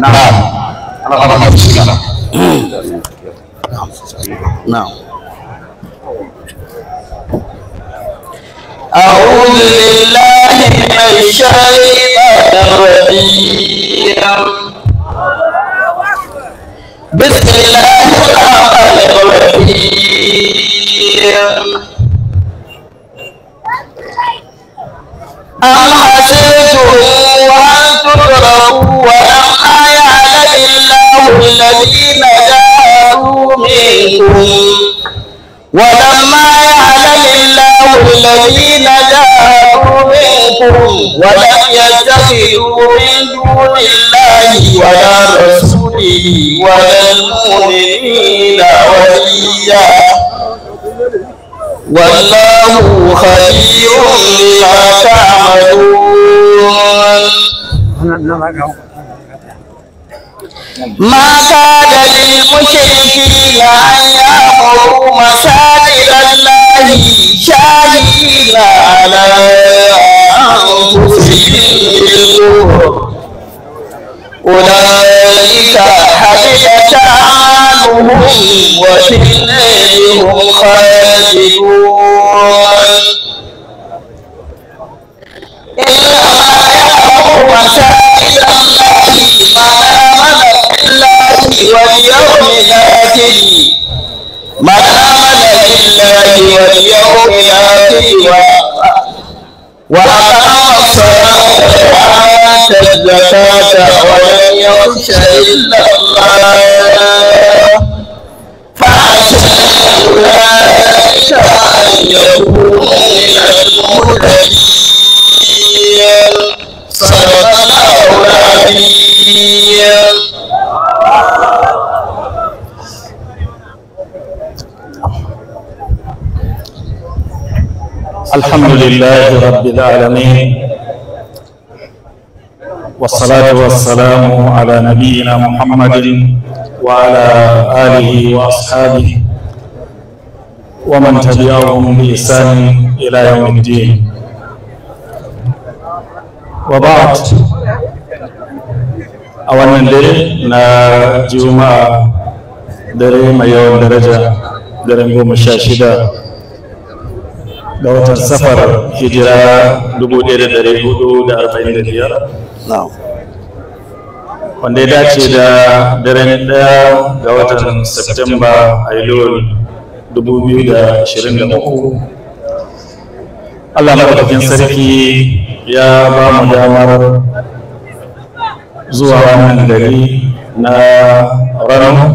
نعم على نفسك نعم نعم أعوذ بالله من الشيطان الرجيم بسم الله الرحمن الرحيم أم حسبتم أن تتركوا ولما يعلم الله الذين جاءوا منكم ولم يتخذوا من دون الله ولا رسوله ولا المؤمنين وليا والله خير لما تعملون ما كان للمشركين أن يعمروا مساجد الله شاهدين على أنفسهم أولئك حبطت أعمالهم وفي الليل هم خالدون واليوم الآخر وأقام الصلاة وآتى الزكاة ولم يخش إلا الله الحمد لله رب العالمين والصلاة والسلام على نبينا محمد وعلى آله وأصحابه ومن تبعهم بإحسان إلى يوم الدين وبعد أولا لنا جمعة دري ما يوم درجة دري يوم الشاشدة da watan safar hijira 1445 wanda ya dace da daren daya ga watan septemba ailon 2023 allah maɗaukakin sarki ya ba mu damar zuwa wani gari na ranar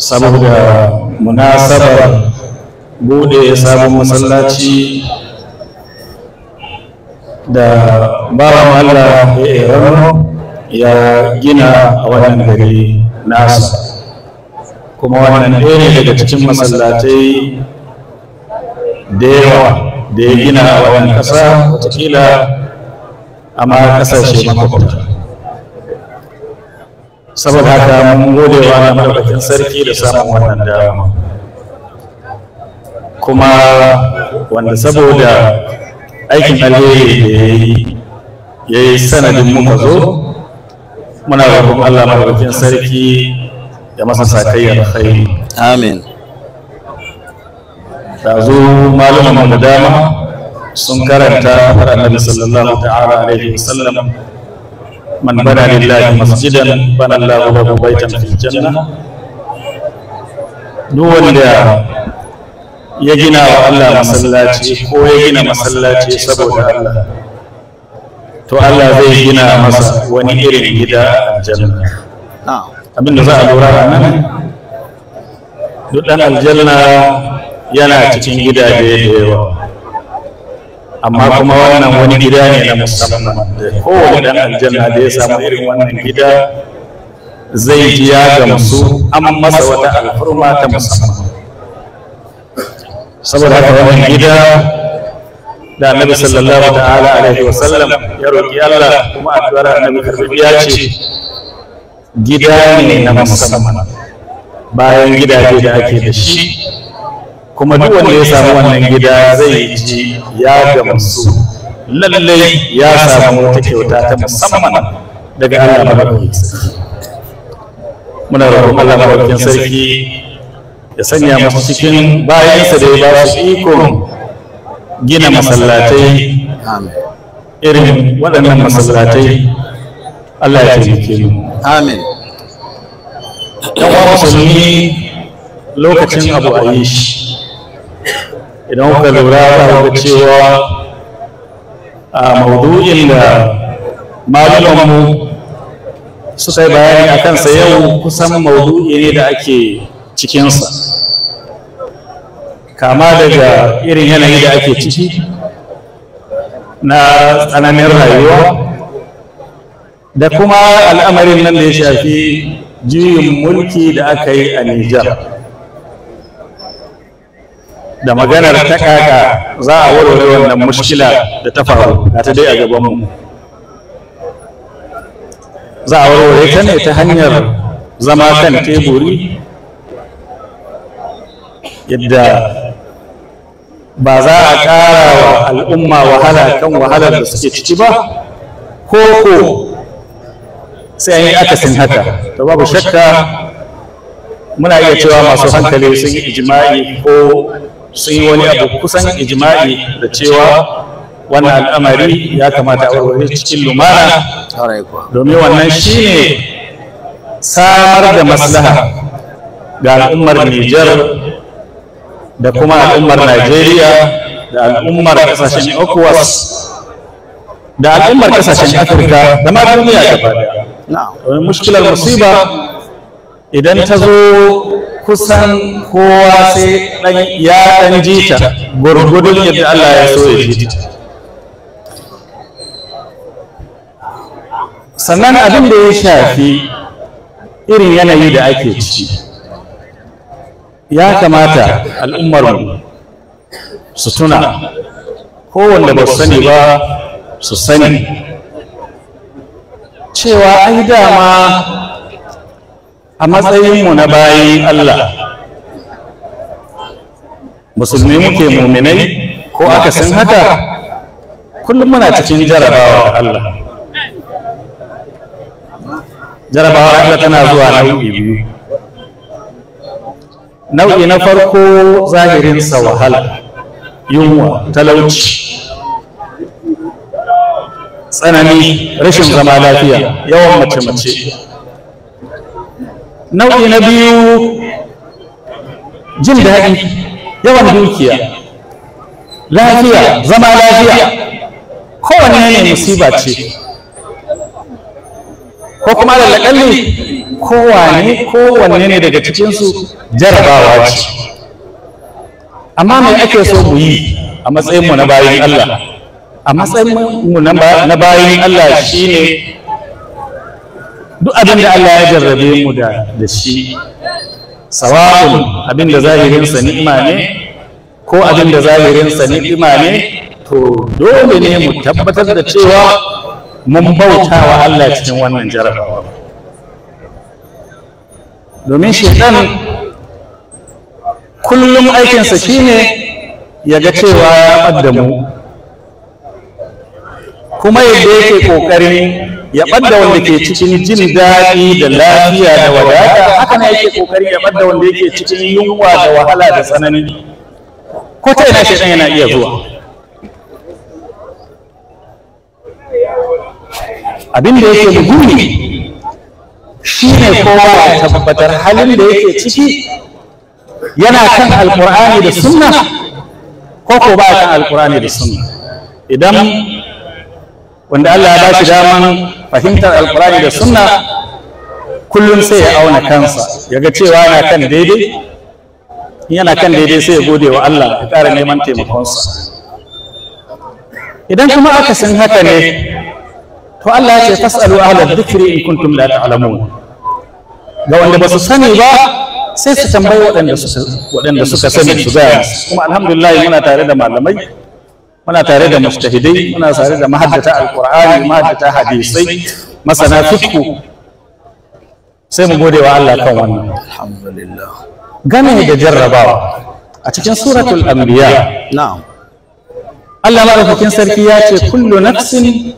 saboda munasabar bude sabon masallaci da bawan Allah ya erano ya gina a wannan gari nasa kuma wannan ɗaya ne daga cikin masallatai da yawa da ya gina a wannan ƙasa watakila amma ƙasashe makwabta saboda haka mun gode wa na sarki da samun wannan dama kuma wanda saboda aikin alheri da ya yi ya yi sanadin muka zo muna rabon Allah madaukakin sarki da masa sakayyar khairi amin da zo malaman da dama sun karanta har annabi sallallahu ta'ala alaihi wasallam man bana lillahi masjidan bana lahu lahu baitan fil janna duk wanda ya gina wa Allah masallaci ko ya gina masallaci saboda Allah to Allah zai gina masa wani irin gida a aljanna abinda za a lura a nan duk ɗan aljanna yana cikin gidaje da yawa amma kuma wannan wani gida ne na musamman da kowane ɗan aljanna da ya samu irin wannan gida zai ji ya gamsu an masa wata alfarma ta musamman saboda haka wani gida da annabi sallallahu ta'ala alaihi wa sallam ya roƙi Allah kuma addu'ar annabi ya ce gida ne na musamman bayan gidaje da ake da shi kuma duk wanda ya samu wannan gida zai ji ya gamsu lallai ya samu wata kyauta ta musamman daga Allah madaukakin sarki muna roƙon Allah madaukakin sarki ya sanya masu cikin bayansa da ya ba su ikon gina masallatai irin waɗannan masallatai Allah ya taimake mu amin yan musulmi lokacin abu a yi shi idan ka lura da cewa a maudu'in da malumanmu suka yi bayani a kansa yau kusan maudu'i ne da ake cikinsa kama daga irin yanayi da ake ciki na tsananin rayuwa da kuma al'amarin nan da ya shafi juyin mulki da aka yi a Nijar da maganar ta kaka za a warware wannan mushkila da ta faru ta dai a gabanmu za a warware ta ne ta hanyar zama kan teburi yadda ba za a ƙara wa al'umma wahala kan wahalar da suke ciki ba ko ko sai an yi akasin haka to babu shakka muna iya cewa masu hankali sun yi ijima'i ko sun yi wani abu kusan ijima'i da cewa wannan al'amari ya kamata a warware cikin lumana domin wannan shi ne samar da maslaha ga al'ummar Nijar da kuma al'ummar Najeriya da al'ummar kasashen Okwas, da al'ummar kasashen Afirka da ma duniya gaba daya. Mushkilar musiba idan ta zo kusan kowa sai dan ya dan jita gurgudun yadda Allah ya so ya jita. Sannan abin da ya shafi irin yanayi da ake ciki. ya kamata al'ummar mu su tuna kowanne ba su sani ba su sani cewa ai dama a matsayinmu na bayan Allah musulmi muke muminai ko aka san haka kullum muna cikin jarabawa Allah Jarabawa Allah tana zuwa nau'i biyu nau'i na farko zahirin sa wahala yunwa talauci tsanani rashin zama lafiya yawan mace-mace nau'i na biyu jin daɗi yawan dukiya lafiya zama lafiya kowanne ne musiba ce ko kuma da laƙalli kowanne ne daga cikinsu jarabawa ce amma mai ake so mu yi a matsayin mu na bayan Allah a matsayin mu na bayan Allah shi ne duk abin da Allah ya jarrabe mu da da shi sawa'un abin da zahirin sa ni'ima ne ko abin da zahirin sa ni'ima ne to dole ne mu tabbatar da cewa mun bauta wa Allah cikin wannan jarabawa domin shaitan kullum aikinsa shine ya ga cewa ya ɓadda mu kuma yadda yake ƙoƙarin ya ɓadda wanda ke cikin jin daɗi da lafiya da wadata haka ne yake ƙoƙarin ya ɓadda wanda yake cikin yunwa da wahala da tsanani ko ta ina shaidan yana iya zuwa abin da yake muhimmi shine kowa ya tabbatar halin da yake ciki yana kan alkur'ani da sunna ko ko ba kan alkur'ani da sunna idan wanda Allah ya ba shi daman fahimtar alkur'ani da sunna kullum sai ya auna kansa yaga cewa yana kan daidai yana kan daidai sai ya gode wa Allah ya ƙara neman taimakonsa idan kuma aka san haka ne to Allah ya ce fasalu ahlal dhikri in kuntum la ta'lamun ga wanda ba su sani ba sai su tambayi waɗanda suka sani su gaya kuma alhamdulillah muna tare da malamai muna tare da mustahidai muna tare da mahaddata alqur'ani mahaddata hadisai masana fiqh sai mu gode wa Allah kan wannan alhamdulillah gane da jarrabawa a cikin suratul anbiya na'am Allah madaukakin sarki ya ce kullu nafsin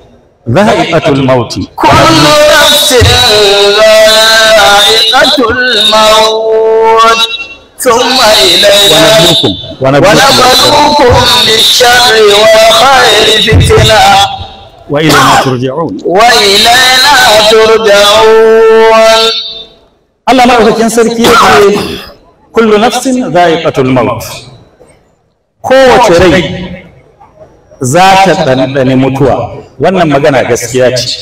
dha'iqatul maut kullu nafsin dha'iqatul maut الموت ثم إلينا ونبلوكم بالشر والخير فتنة وإلينا ترجعون وإلينا ترجعون الله ما أخذ سركي كل نفس ذائقة الموت قوة ري ذات تنمتوا mutuwa wannan magana gaskiya ce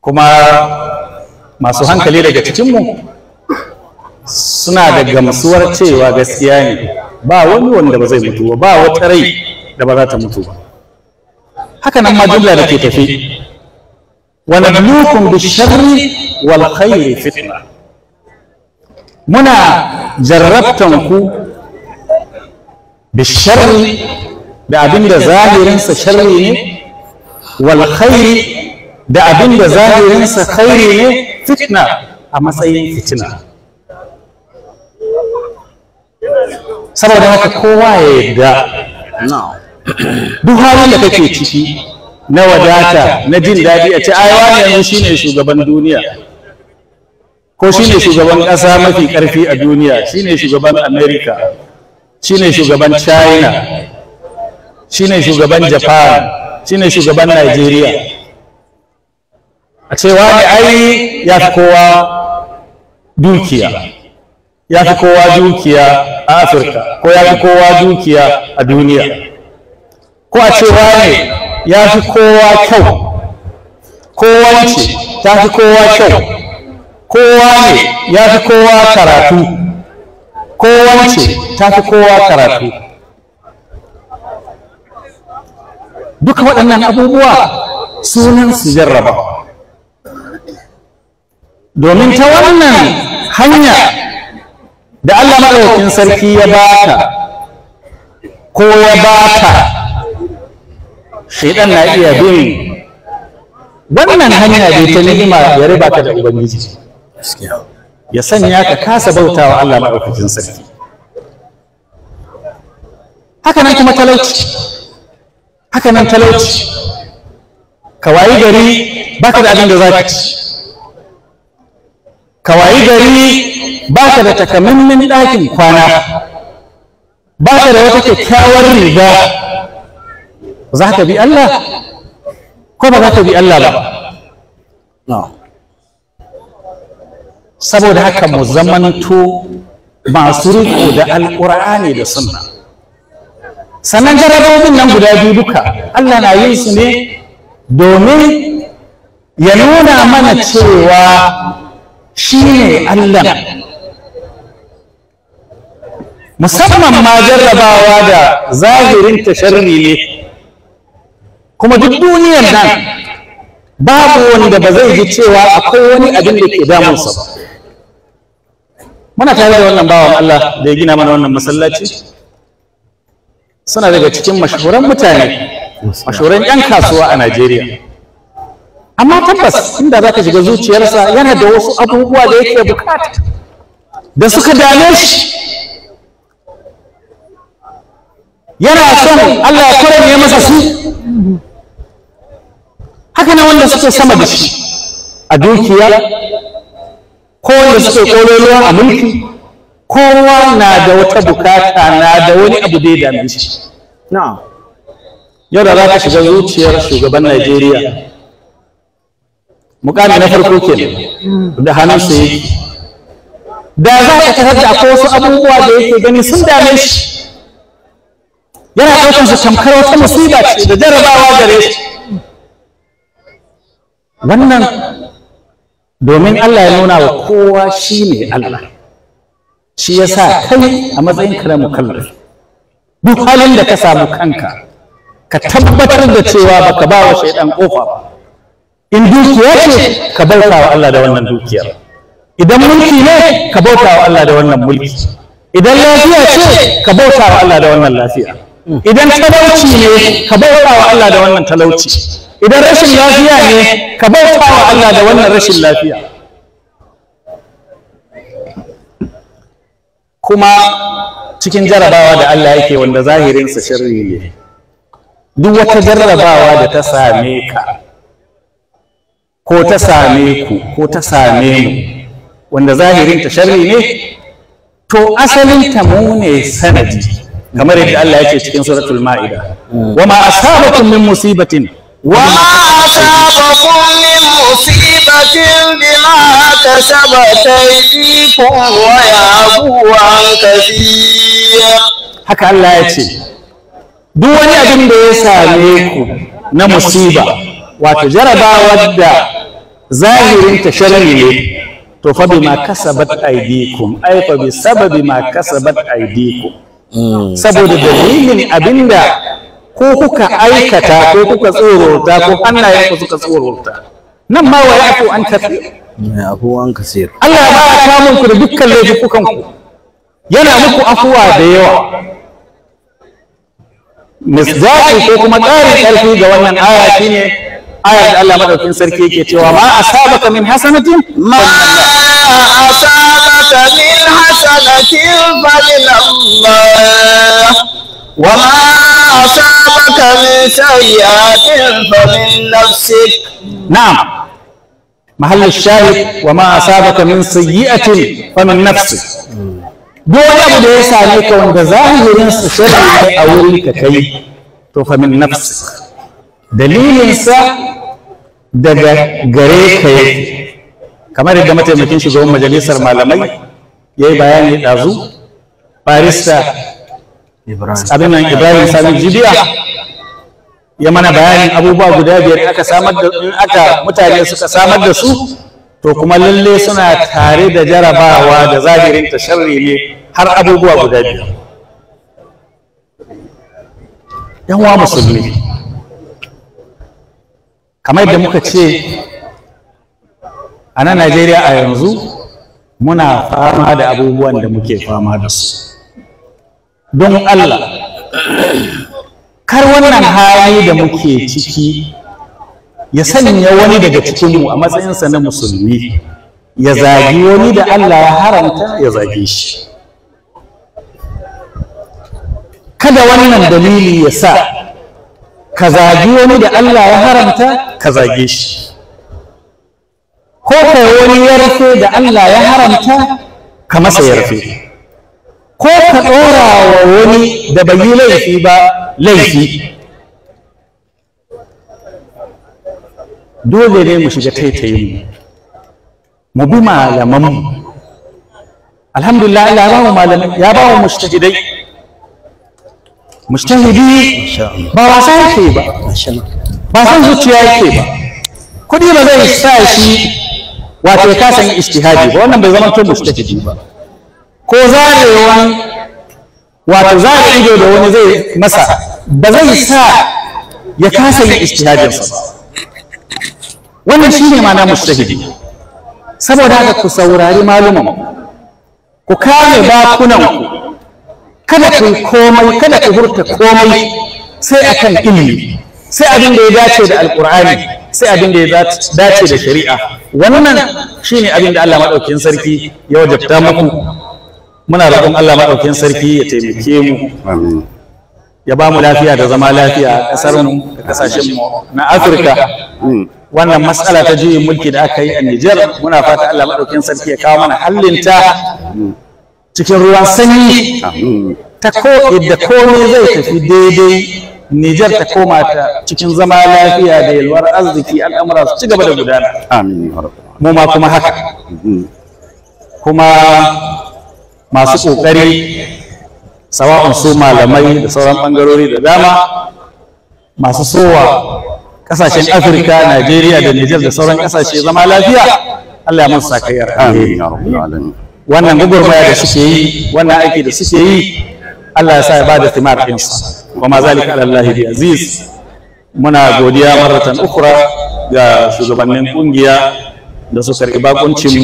kuma masu hankali daga cikinmu suna da gamsuwar cewa gaskiya ne ba wani wanda ba zai mutu ba ba wata rai da ba za ta mutu ba haka nan ma jumla da ke tafi wa nabluukum bisharri wal fitna muna jarrabtan ku bisharri da abin da zahirinsa sharri ne wal khairi da abin da zahirinsa kairi ne fitna a matsayin fitina saboda haka kowa ya yarda. duk halin da kake ciki na wadata na jin daɗi a ce ai wani yanzu shine shugaban duniya ko shine shugaban ƙasa mafi ƙarfi a duniya shine shugaban america shine shugaban china shine shugaban japan shine shugaban nigeria a ce wani ai ya fi kowa dukiya ya fi kowa dukiya a afirka ko ya fi kowa dukiya a duniya ko a ce wane ya fi kowa kyau kowance ta fi kowa kyau kowa ne ya fi kowa karatu kowance ta fi kowa karatu duka waɗannan abubuwa sunan su jarraba domin ta wannan hanya maɗaukin sarki ya baka ko ya baka shaidan na iya bin wannan hanya dai ta nima ya riba ka da ubangiji ya sanya ka kasa bautawa Allah maɗaukakin sarki haka nan kuma talauci haka nan talauci ka wayi gari baka da abin da za ka ci ka wayi gari ba ka da takamaimin ɗakin kwana ba ka da wata kyakkyawar riga za ka bi Allah ko ba za ka bi Allah ba saboda haka mu zamanto masu riko da alƙur'ani da sunna sannan jarabobin nan guda biyu duka Allah na yin su ne domin ya nuna mana cewa shi ne Allah musamman ma jarrabawa da zahirin ta ne kuma duk duniyar nan babu wanda ba zai ji cewa akwai wani abin da ke damunsa ba muna tare da wannan bawan Allah da ya gina mana wannan masallaci suna daga cikin mashahuran mutane mashahuran 'yan kasuwa a Najeriya amma tabbas inda za ka shiga zuciyarsa yana da wasu abubuwa da yake bukata da suka dame shi yana son Allah ya ne masa su haka ne wanda suke sama da shi a dukiya ko wanda suke kololuwa a mulki kowa na da wata bukata na da wani abu da ya dame shi na'am yau da za ka shiga zuciyar shugaban Najeriya mukami na farko ke da hannunsa sai da za ka tafi da akwai wasu abubuwa da yake gani sun dame shi yana ɗaukar su tamkar wata musiba ce da jarabawa gare su wannan domin Allah ya nuna wa kowa shi ne Allah shi ya sa kai a matsayin ka na duk halin da ka samu kanka ka tabbatar da cewa ba ka ba wa shaidan kofa ba in dukiya ce ka bauta wa Allah da wannan dukiyar idan mulki ne ka bauta wa Allah da wannan mulki idan lafiya ce ka bauta wa Allah da wannan lafiya idan talauci ne ka bauta wa Allah da wannan talauci idan rashin lafiya ne ka bauta wa Allah da wannan rashin lafiya kuma cikin jarabawa da Allah yake wanda zahirinsa sharri ne duk wata jarrabawa da ta same ka ko ta same ku ko ta same mu wanda zahirinta sharri ne to asalinta mu ne sanadi kamar yadda Allah yake cikin suratul ma'ida wa ma asabakum min musibatin wa ma asabakum min musibatin bima kasabat aydikum wa ya'fu an haka Allah ya ce duk wani abin da ya same ku na musiba wato jarabawar da zahirin ta sharri ne to fa bima kasabat aydikum ay fa bi sababi ma kasabat aydikum saboda dalilin abinda ko kuka aikata ko kuka tsorota ko hannayen ku suka tsorota nan ma wa yafu an kafi afu an kasir Allah ba ya kamun ku da dukkan kukan ku yana muku afuwa da yawa misdaqi ko kuma ƙarin ƙarfi ga wannan aya shine aya da Allah madaukin sarki yake cewa ma asabaka min hasanatin ma asabaka min فلله وما أصابك من سيئات فمن نفسك نعم محل الشاهد وما أصابك من سيئة فمن نفسك دون أبو ديسا عليك وانك ظاهر سيئة أولك كي فمن نفسك دليل إنسا دقا غريك كما ردمت يمكنش جوم مجلس المعلمين ya yi bayani ɗazu barista abin nan ibrahim sami jibiya ya mana bayanin abubuwa guda biyar aka in aka mutane suka samar da su to kuma lalle suna tare da jarabawa da zahirin ta sharri ne har abubuwa guda biyar yan musulmi kamar da muka ce a nan najeriya a yanzu muna fama da abubuwan da muke fama da su don Allah kar wannan hali da muke ciki ya sanya wani daga cikinmu a matsayinsa na musulmi ya zagi wani da Allah ya haramta ya zage shi kada wannan dalili ya sa ka zagi wani da Allah ya haramta ka zage shi ko kai wani yarfe da Allah ya haramta ka masa yarfe ko ka ɗora wa wani da bai yi laifi ba laifi dole ne mu shiga taitayin mu bi malaman alhamdulillah Allah ya ba mu malaman ya ba mu mujtahidai mujtahidi ba wasa yake ba ba san zuciya yake ba Kuɗi ba zai sa shi wato ka yi istihadi ba wannan bai zama to mujtahidi ba ko zarewan wato zare ido da wani zai masa ba zai sa ya kasa yin istihadi ba wannan shine ma'ana mustahidi saboda haka ku saurari malumin ku kame bakunan ku kada ku komai kada ku hurta komai sai akan ilimi sai abin da ya dace da Alkur'ani, sai abin da ya dace da shari'a wannan shine abin da Allah madaukakin sarki ya wajabta muku muna roƙon Allah madaukakin sarki ya taimake mu ya ba mu lafiya da zama lafiya a ƙasar mu da ƙasashen mu na Afirka mm. wannan matsala ta juyin mulki da aka yi a Nijar muna fata Allah madaukakin sarki ya kawo mana hallinta mm. cikin ruwan sanyi ta ko da komai zai tafi daidai Nijar ta koma ta cikin zama lafiya da yalwar arziki al'amura su ci gaba da gudana. Amin. Mu ma kuma haka. Mm-hmm. Kuma masu ƙoƙari sawa'un su malamai da sauran ɓangarori da dama masu sowa ƙasashen Afirka, Najeriya da Nijar da sauran ƙasashe zama lafiya. Allah ya mun sakayyar. Amin. Wannan gugurmaya da suke yi, wannan aiki da suke yi, Allah ya sa ya ba da timar ɗinsu wa ma zalika ala bi aziz muna godiya maratan ukra ga shugabannin kungiya da su karɓi bakuncin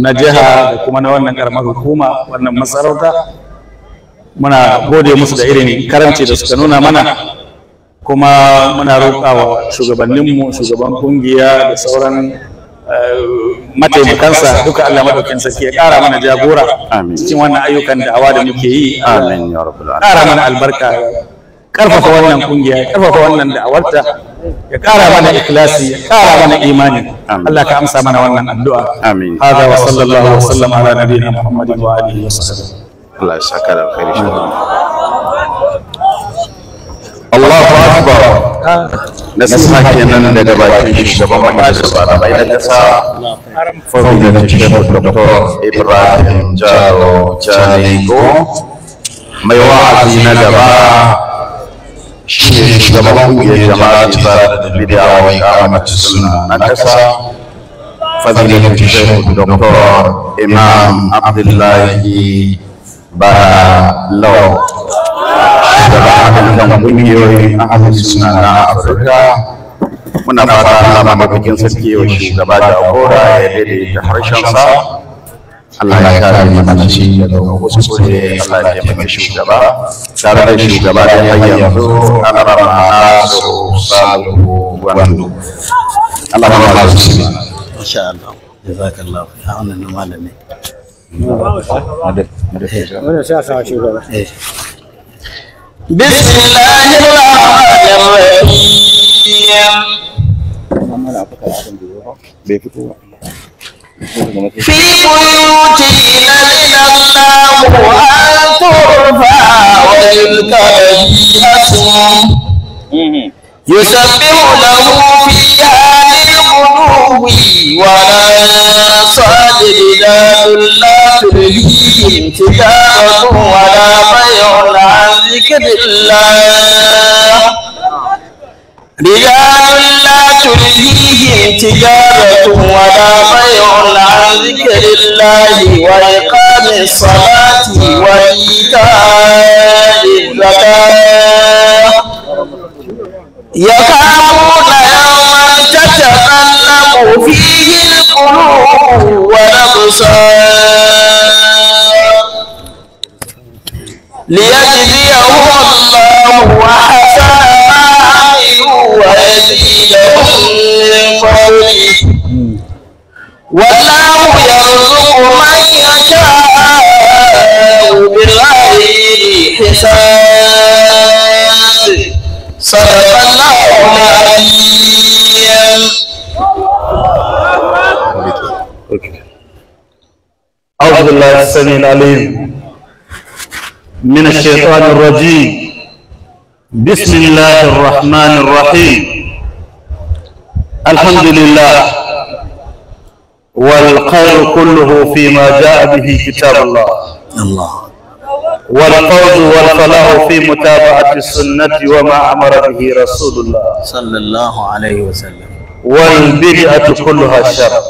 na jiha da kuma na wannan karamar hukuma wannan masarauta muna gode musu da irin karanci da suka nuna mana kuma muna roƙawa shugabanninmu shugaban kungiya da sauran eh, mataimakansa duka Allah madaukakin sarki ya ƙara mana jagora cikin wannan ayyukan da'awa da muke yi amin ya ƙara mana albarka karfafa wannan kungiya ya karfafa wannan da'awarta ya kara mana ikilasi, ya kara mana imani Allah ka amsa mana wannan addu'a amin hada wa sallallahu wa sallam ala nabiyina muhammadin wa alihi wa sallam Allah ya saka da alkhairi shi Allahu akbar nasiha kenan daga bakin shugaban majalisar malamai na kasa fadilatu Sheikh Dr. Ibrahim Jaro Jani ko mai wa'azi na gaba shugaban kungiyar jama'ati zara da bidiya wa ikamatu suna na kasa fadilin shehu doktor imam abdullahi bara law shugaban kan kungiyoyi na ahalin suna na afirka muna fata Allah mabakin sarki wa shugaba da agora ya daidaita harshen sa Allah ya kare mana shi daga kuskure Allah ya taimaki shugaba tare da shugaba da ya yanzu al'amara su salu wando Allah ya ba su shi insha Allah jazakallahu ya wannan malami بسم الله الرحمن الرحيم في بيوت لعن الله أن ترفع ويذكر اسمه يسبح له فيها للغلو والأنصار رجال لا تلهيهم تجارة ولا بيع عن ذكر الله رجال لا تلهيهم تجارة ولا بيع عن ذكر الله وإقام الصلاة وإيتاء الزكاة يخافون يوما تتقلب فيه القلوب والأبصار ليجزيهم الله أحسن أعوذ بالله السميع العليم من الشيطان الرجيم بسم الله الرحمن الرحيم الحمد لله والخير كله فيما جاء به كتاب الله الله والفوز والفلاح في متابعة السنة وما أمر به رسول الله صلى الله عليه وسلم والبدعة كلها شر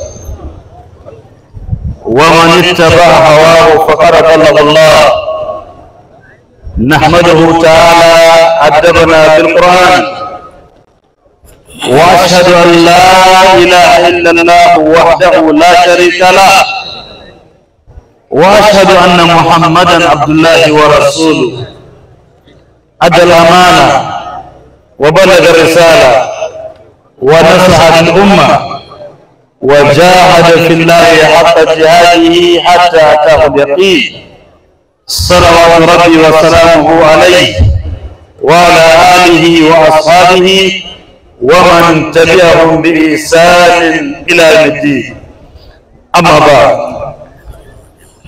ومن اتبع هواه فقد ضل الله نحمده تعالى أدبنا بالقرآن واشهد ان لا اله الا الله وحده لا شريك له واشهد ان محمدا عبد الله ورسوله ادى الامانه وبلغ الرساله ونصح للامه وجاهد في الله حق جهاده حتى اتاه اليقين صلوات ربي وسلامه عليه وعلى اله واصحابه ومن تبعهم بإحسان إلى يوم الدين أما بعد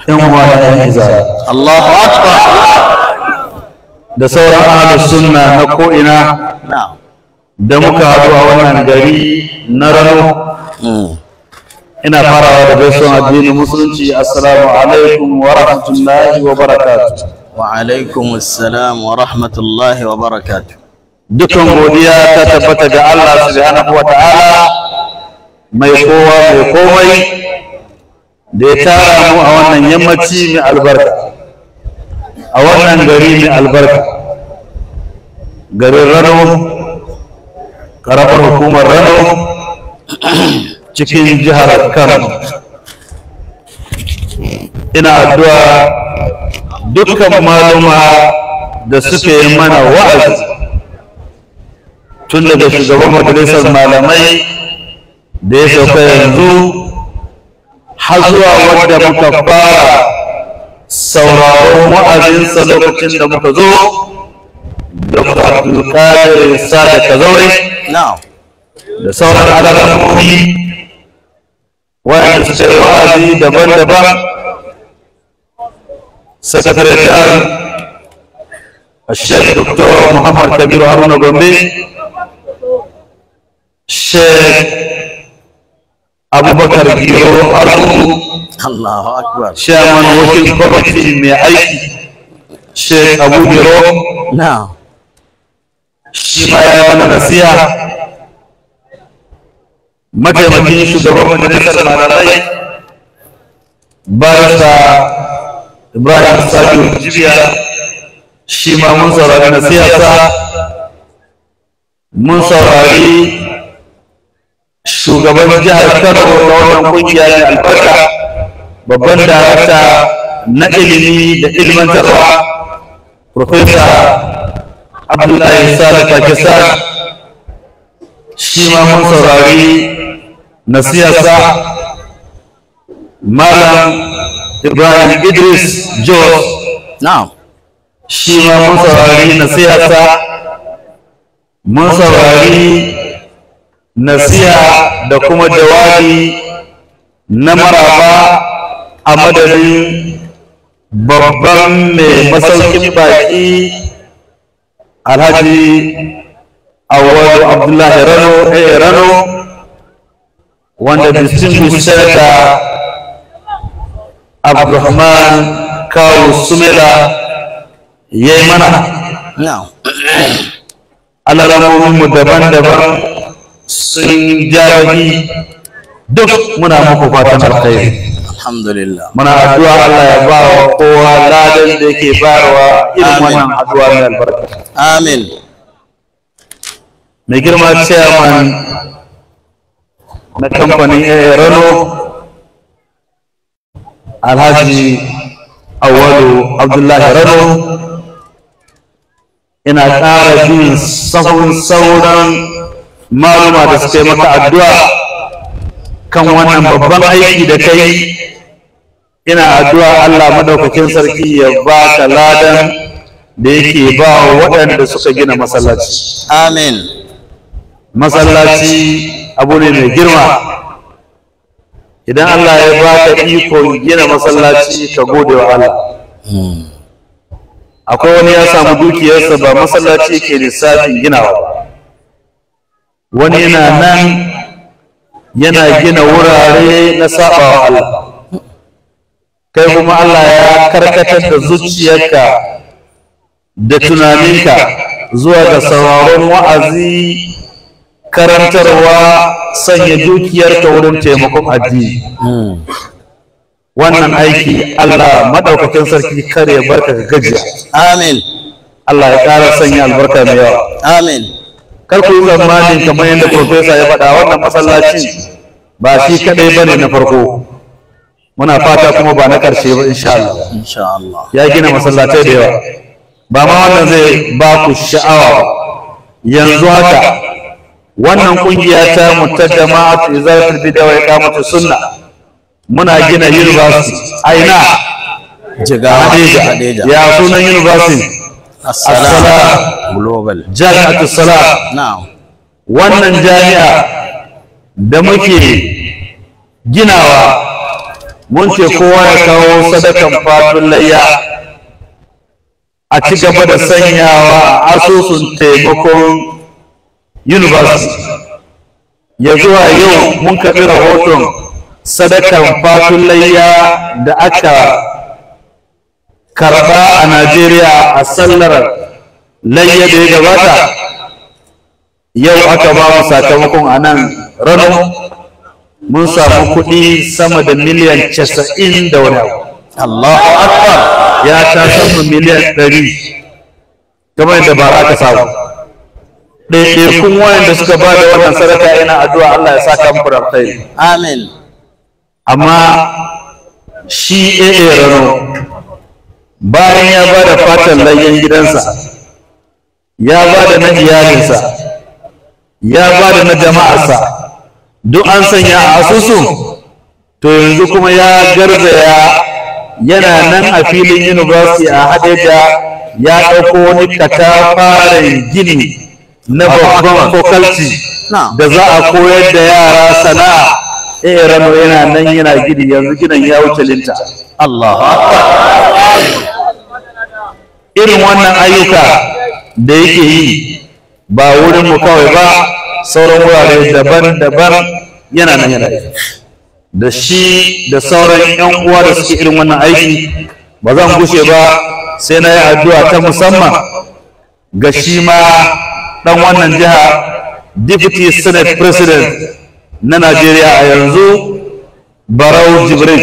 يوم الله أكبر da sauran ahlus sunna na ko'ina da muka haɗu a wannan gari na rano ina farawa da gaisuwan addinin musulunci assalamu alaikum wa rahmatullahi wa barakatuh wa alaikum assalam wa rahmatullahi wa barakatuh dukan godiya ta tabbata ga Allah subhanahu ta'ala mai kowa mai komai da ya tara mu a wannan yammaci mai albarka a wannan gari mai albarka garin Rano karamar hukumar Rano cikin jihar Kano ina addu'a dukkan maluma da suke mana wa'azi tun daga shugaban majalisar malamai da ya sauka yanzu har zuwa wanda muka fara sauraron wa'azinsa lokacin da muka zo da abdulkadir sada kazaure da sauran alamomi wa'anda su sai wa'azi daban-daban sakatariyar الشيخ الدكتور محمد كبير هارون gombe শেখ আবু বকর গিরো আলু আল্লাহু আকবার chairman ওয়াকিল committee মে আইকি শেখ আবু গিরো না shimayawa nasiya mataimakin shugaban majalisar malamai barista ibrahim sabiu jibiya shi ma mun saurari nasiyarsa mun saurari shugaban jihar kano na wannan kungiya ne albarka babban darakta na ilimi da ilmantarwa profesa abdullahi salih pakistan shi ma mun saurari siyasa malam ibrahim idris jos na'am shi ma mun saurari siyasa mun saurari nasiha da kuma jawabi na maraba a madadin babban mai masaukin baƙi alhaji awadu abdullahi rano ɗaya eh, rano wanda distinguished senator abdulrahman kawo sumela ya yi mana alalamominmu daban-daban sun jawabi duk muna muku fatan alkhairi alhamdulillah muna addu'a Allah ya ba wa kowa ladan da yake bayarwa irin wannan addu'a mai albarka amin mai girma chairman na kamfanin Rano Alhaji Awalu Abdullahi Rano ina ƙara bin sahun sauran maluma da suka yi maka addu'a kan wannan babban aiki da kai ina addu'a Allah madaukakin sarki ya ba ka ladan da yake ba waɗanda suka gina masallaci amin masallaci abu ne mai girma idan Allah ya ba ka iko gina masallaci ka gode wa Allah hmm. akwai wani ya samu dukiyarsa ba masallaci ke lissafin ginawa ba wani yana nan yana gina wurare na saba Allah kai kuma Allah ya karkatar da zuciyarka da tunaninka zuwa ga sauraron wa'azi karantarwa sanya dukiyarka wurin taimakon addini wannan aiki Allah madaukakin sarki kare barka ka gajiya amin Allah ya ƙara sanya albarka mai yawa amin kar ku yi tsammanin kamar yadda profesa ya faɗa wannan masallaci ba shi kaɗai ba ne na farko muna fata kuma ba na ƙarshe ba insha Allah ya gina masallacai da yawa ba ma wannan zai ba ku sha'awa yanzu haka wannan kungiya ta mutadama izaratul bid'a wa iqamatus sunna muna gina university aina jigawa ya sunan university الصلاة global جامعة wannan jami'a da muke ginawa mun ce kowa ya kawo sadakan fatun layya a ci gaba da sanyawa asusun taimakon university ya zuwa yau mun kaɗi rahoton sadakan fatun layya da aka karɓa a Najeriya a sallar layya da ya gabata yau aka ba mu sakamakon a nan Rano mun samu kuɗi sama da miliyan casa'in da wani abu. Allahu Akbar ya ta samu miliyan ɗari kamar yadda ba aka samu. ɗaiɗaikun wayanda suka ba da wannan sadaka ina addu'a Allah ya sa ka muku Amin. Amma shi AA Rano bayan ya ba da fatan layyan gidansa ya ba da na iyalinsa ya ba da na jama'arsa duk an sanya a asusu to yanzu kuma ya ya yana nan a filin university a hadeja ya ɗauko wani katafaren gini na babban kokalci da za a koyar da yara sana'a eh rano yana nan yana gini yanzu gidan ya wuce linta Allah. irin wannan ayyuka da yake yi ba wurin mu kawai ba sauran wurare daban-daban yana nan yana da shi da sauran yan uwa da suke irin wannan aiki ba zan gushe ba sai na yi addu'a ta musamman ga shi ma dan wannan jiha deputy senate president na Najeriya a yanzu Barau Jibril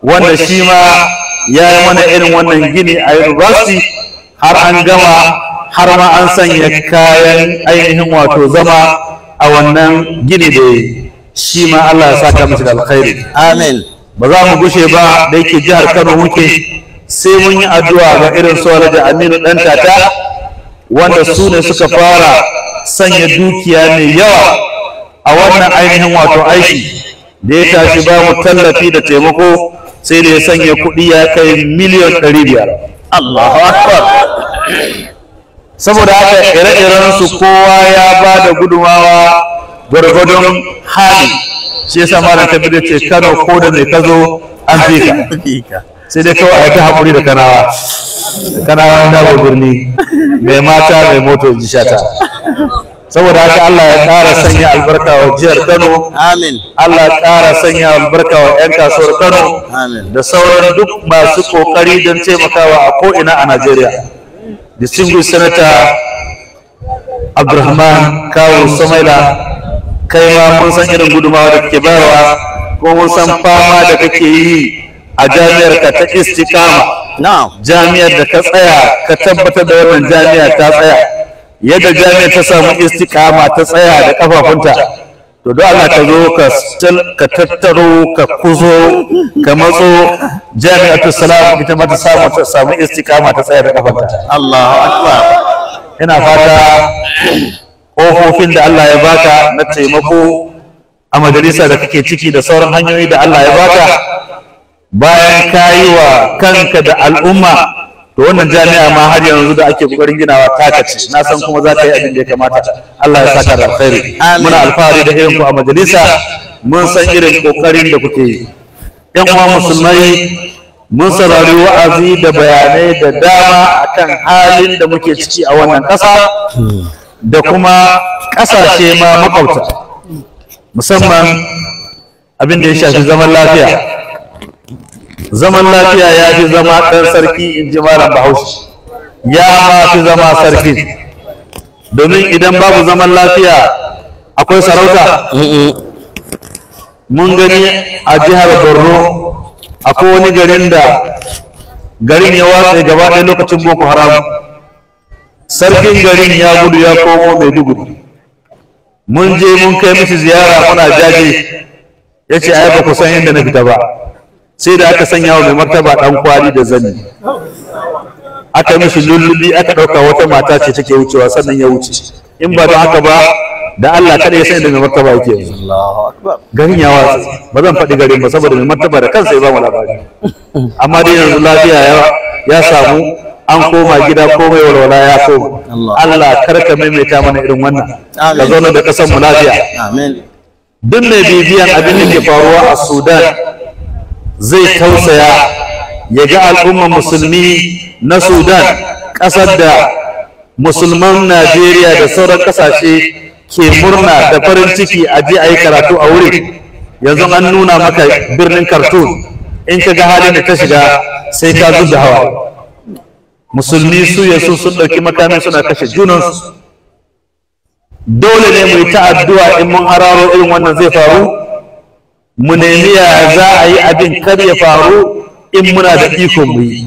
wanda shi ma ya yi mana irin wannan gini a rasi har an gama har ma an sanya kayan ainihin wato zama a wannan gini da shi ma Allah ya saka mace da alkhairi amin ba za mu gushe ba da yake jihar Kano muke sai mun yi addu'a ga irin su Aminu dan tata wanda su ne suka fara sanya dukiya mai yawa a wannan ainihin wato aiki da ya tashi ba mu tallafi da taimako sai da ya sanya kuɗi ya kai miliyan ɗari biyar Allah akbar saboda haka ire-iren su kowa ya ba da gudumawa gwargwadon hali shi yasa malam tabbata ce Kano ko da mai kazo an fi ka sai dai kawai a ta haƙuri da kanawa kanawa na birni mai mata mai moto jishata saboda haka Allah ya ƙara sanya albarka wa jihar Kano amin Allah ya ƙara sanya albarka wa ƴan kasuwar Kano amin da sauran duk masu kokari don taimakawa a ko'ina a Najeriya distinguished senator Abdulrahman Kawu Samaila kai ma mun san irin gudumawa da kake bayarwa ko mun san fama da kake yi a jami'ar ka ta na'am jami'ar da ka tsaya ka tabbatar da wannan jami'a ta tsaya yadda jami'a ta samu istiqama ta tsaya da kafafunta to don Allah ka zo ka tattaro ka kuzo ka matso jami'atu salam ita ma ta samu ta samu istiqama ta tsaya da kafafunta Allahu akbar ina fata kofofin da Allah ya baka na taimako a majalisa da kake ciki da sauran hanyoyi da Allah ya baka bayan kayi wa kanka da al'umma to wannan jami'a ma har yanzu da ake kokarin ginawa taka ce na san kuma za ta yi abin da ya kamata Allah ya saka da alkhairi muna alfahari da irin ku a majalisa mun san irin kokarin da kuke yi yan uwa musulmai mun saurari wa'azi da bayanai da dama akan halin da muke ciki a wannan ƙasa da kuma ƙasashe ma makwabta musamman abin da ya shafi zaman lafiya zaman lafiya ya fi zama ɗan sarki in ji malam bahaushe ya ma fi zama sarki domin idan babu zaman lafiya akwai sarauta mun gani a jihar borno akwai wani garin da garin ya watsa gaba ɗaya lokacin boko haram sarkin garin ya gudu ya komo mai maiduguri mun je mun kai mishi ziyara muna jaje ya ce ba ku san inda na fita ba sai da aka sanya wa mai martaba dan kwari da zani aka mishi lullubi aka dauka wata mata ce take wucewa sannan ya wuce in ba don haka ba da Allah kada ya sanya da mai martaba yake akbar garin ya ba zan faɗi garin ba saboda mai martaba da kansa ya ba mu labari amma dai yanzu lafiya ya samu an koma gida komai walwala ya koma Allah karka maimaita mana irin wannan ka zauna da kasan mu lafiya duk mai bibiyan abin da ke faruwa a Sudan zai tausaya ya ga al'ummar musulmi na sudan ƙasar da musulman najeriya da sauran ƙasashe ke murna da farin ciki a ji a yi karatu a wuri yanzu an nuna maka birnin khartoum in ka ga halin da ta shiga sai ka zub da hawa musulmi su yasu sun ɗauki makamin suna kashe junansu dole ne mu yi ta addu'a in mun hararo irin wannan zai faru mu nemi ya za a yi abin kar ya faru in muna da ikon mu yi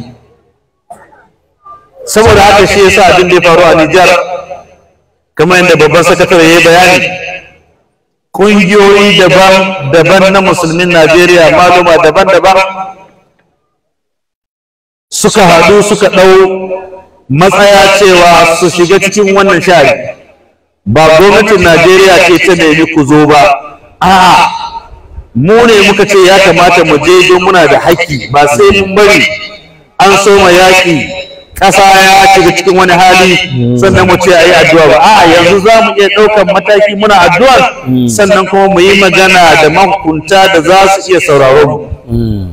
saboda haka shi yasa abin da ya faru a Nijar kamar yadda babban sakatare ya yi bayani ƙungiyoyi daban-daban na musulmin Najeriya maluma daban-daban suka haɗu suka ɗau matsaya cewa su shiga cikin wannan shari ba gwamnatin Najeriya ce ta nemi ku zo ba a'a mu ne muka ce ya kamata mu je don muna da haƙƙi ba sai mun bari an soma yaƙi ƙasa ya shiga cikin wani hali sannan mu ce a yi addu'a ba a'a yanzu za mu iya ɗaukan mataki muna addu'a sannan kuma mu yi magana da mahukunta da za su iya sauraron mu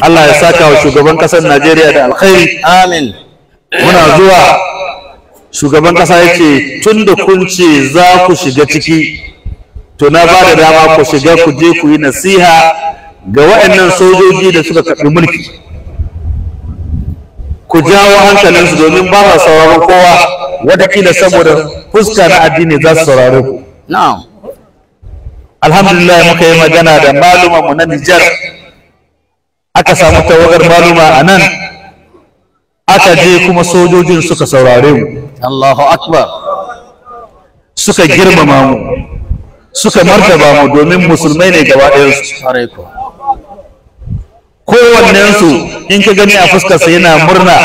Allah ya saka wa shugaban ƙasar Najeriya da alkhairi amin muna zuwa shugaban ƙasa yake tunda tun da kun ce za ku shiga ciki to na ba da dama ku shiga ku je ku yi nasiha ga waɗannan sojoji da suka karɓi mulki ku jawo hankalinsu domin ba sa sauraron kowa watakila saboda fuska na addini za su saurare ku alhamdulillah muka yi magana da maluma mu na Nijar aka samu tawagar maluma a nan aka je kuma sojojin suka saurare mu akbar suka girmama mu suka martaba mu domin musulmai ne gaba su kowannen kowannensu in ka gani a fuskarsa yana murna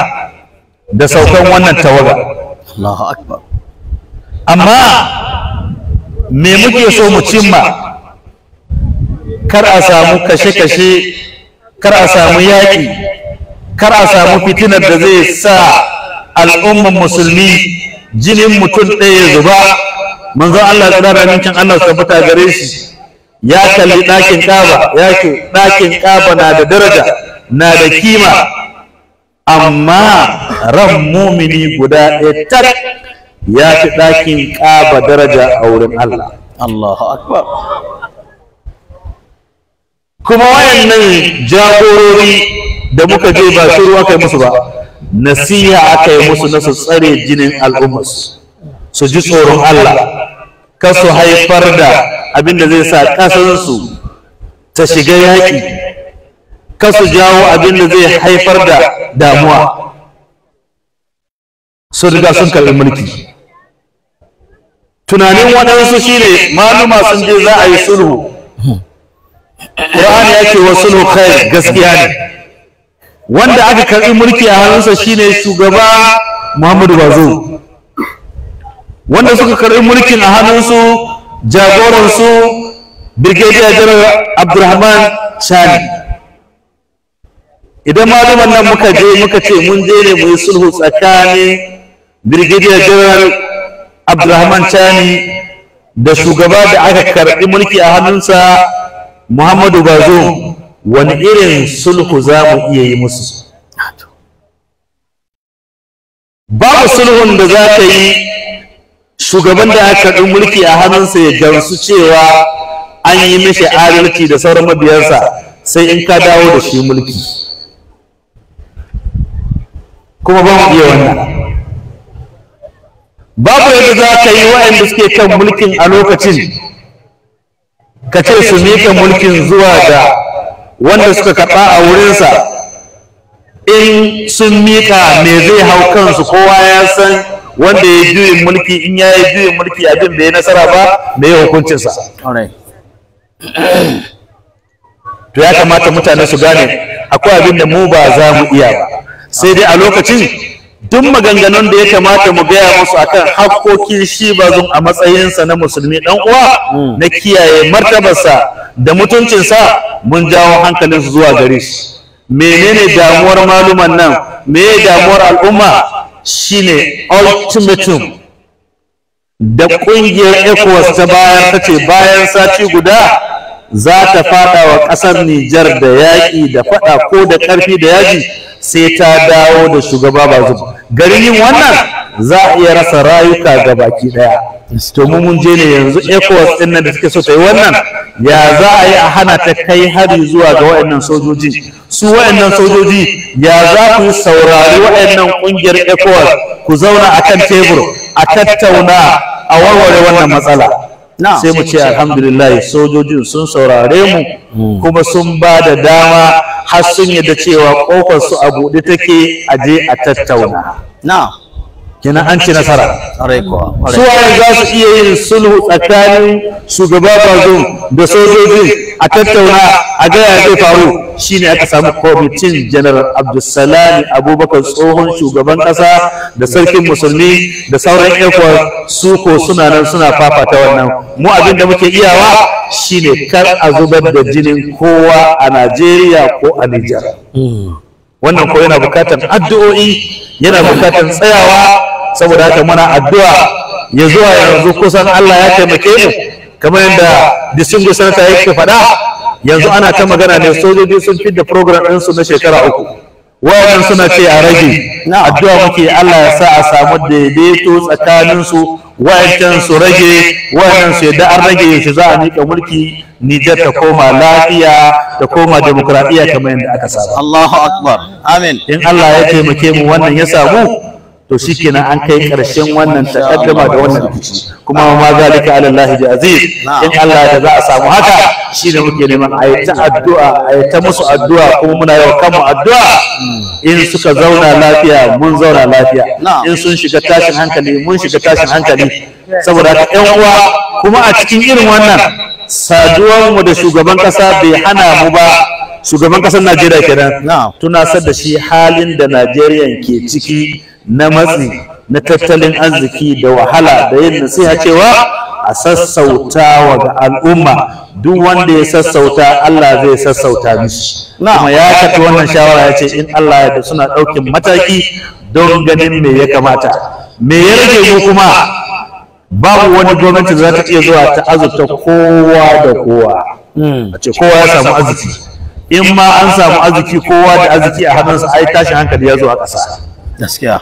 da saukan wannan tawaga amma me muke so mu cimma kar a samu kashe-kashe kar a samu yaƙi kar a samu fitinar da zai sa al'umman musulmi jinin mutum ɗaya zuba manzon Allah da amincin Allah su tabbata gare shi ya kalli ɗakin kaba ya ce ɗakin kaba na da daraja na da kima amma ran mumini guda ɗaya tak ya fi ɗakin kaba daraja a wurin Allah Allahu akbar kuma wayannan jagorori da muka je ba su ruwa kai musu ba nasiha aka yi musu na su tsare jinin al'ummas, su ji tsoron Allah kasu haifar da abin da zai sa kasansu ta shiga yaƙi kasu jawo abin da zai haifar da damuwa sun riga sun karɓi mulki tunanin waɗansu shine maluma sun je za a yi sulhu Ƙur'ani ya ce wa sulhu kai gaskiya ne wanda aka karɓi mulki a hannunsa shine shugaba Muhammadu Bazo wanda suka karɓi mulkin a hannunsu jagoransu brigadier general abdulrahman shani idan maluman nan muka je muka ce mun je ne mai sulhu tsakanin brigadier general abdulrahman shani da shugaba da aka karɓi mulki a hannunsa muhammadu bazo wani irin sulhu za mu iya yi musu babu sulhun da za ta yi shugaban da aka karɓi mulki a hannunsa ya gamsu cewa an yi mishi adalci da sauran mabiyansa sai in ka dawo da shi mulki kuma ba mu iya wannan babu yadda za ka yi waɗanda suke kan mulkin a lokacin ka ce su mika mulkin zuwa da wanda suka karɓa a wurinsa in sun mika me zai hau kansu kowa ya san wanda ya juyin mulki in ya yi juyin mulki abin bai nasara ba me yi hukuncinsa to ya kamata mutane su gane akwai abin da mu ba za mu iya ba sai dai a lokacin duk maganganun da ya kamata mu gaya musu akan hakkokin shi bazun a matsayinsa na musulmi ɗan uwa hmm. na kiyaye martabarsa da mutuncinsa mun jawo hankalinsu zuwa gare shi menene damuwar maluman nan me damuwar al'umma shine ultimatum da ƙungiyar ECOWAS ta bayar ta ce bayan sati guda za ta fada wa ƙasar Nijar da yaƙi da fada ko da ƙarfi da yaji sai ta dawo da shugaba Bazoum Gari yin wannan za a iya rasa rayuka ga baki ɗaya to mu mun je ne yanzu ECOWAS ɗin nan da suke so ta yi wannan ya za a yi a hana ta kai hari zuwa ga waɗannan sojoji su waɗannan sojoji ya za ku saurari waɗannan ƙungiyar ECOWAS ku zauna a kan tebur a tattauna a warware wannan matsala sai mu ce alhamdulillah sojojin sun saurare mu hmm. kuma sun ba da dama har sun yadda cewa ƙofar su a buɗe take a je a tattauna kenan an ci nasara su waye za su iya yin sulhu tsakanin shugaba bazum da sojojin a tattauna a gaya zai faru shine aka samu kwamitin general Abdulsalami, abubakar tsohon shugaban kasa da sarkin musulmi da sauran ikon su ko suna nan suna fafata wannan mu abin da muke iyawa shine kar a zubar da jinin kowa a najeriya ko a nijar hmm. wannan ko yana bukatar addu'o'i yana bukatar tsayawa saboda haka muna addu'a ya zuwa yanzu kusan Allah ya taimake mu kamar yadda distinguished senator yake faɗa yanzu ana ta magana ne sojoji sun fi da program ɗinsu na shekara uku wayannan suna ce a rage na addu'a muke Allah ya sa a samu daidaito tsakaninsu wayancan su rage wa'yan su yadda an rage shi za a miƙa mulki Nijar ta koma lafiya ta koma demokradiyya kamar yadda aka saba Allahu akbar amin in Allah ya taimake mu wannan ya samu to kenan an kai karshen wannan takaddama da wannan rikici kuma ma zalika ala Allah aziz in Allah da za a samu haka shine muke neman a yi ta addu'a a yi ta musu addu'a kuma muna yau kanmu addu'a in suka zauna lafiya mun zauna lafiya in sun shiga tashin hankali mun shiga tashin hankali saboda haka ƴan uwa kuma a cikin irin wannan saduwar mu da shugaban kasa bai hana mu ba shugaban kasar Najeriya kenan tunasar da shi halin da Najeriya ke ciki na matsi na tattalin arziki da wahala da yin nasiha cewa a sassauta wa ga al'umma duk wanda ya sassauta Allah zai sassauta mishi kuma ya kafi wannan shawara ya ce in Allah ya da suna ɗaukin mataki don ganin me ya kamata me ya rage mu kuma babu wani gwamnati za ta iya zuwa ta azurta kowa da kowa hmm. a ce kowa ya samu arziki in ma an samu arziki kowa da arziki a hannunsa ai tashin hankali ya zo a ƙasa gaskiya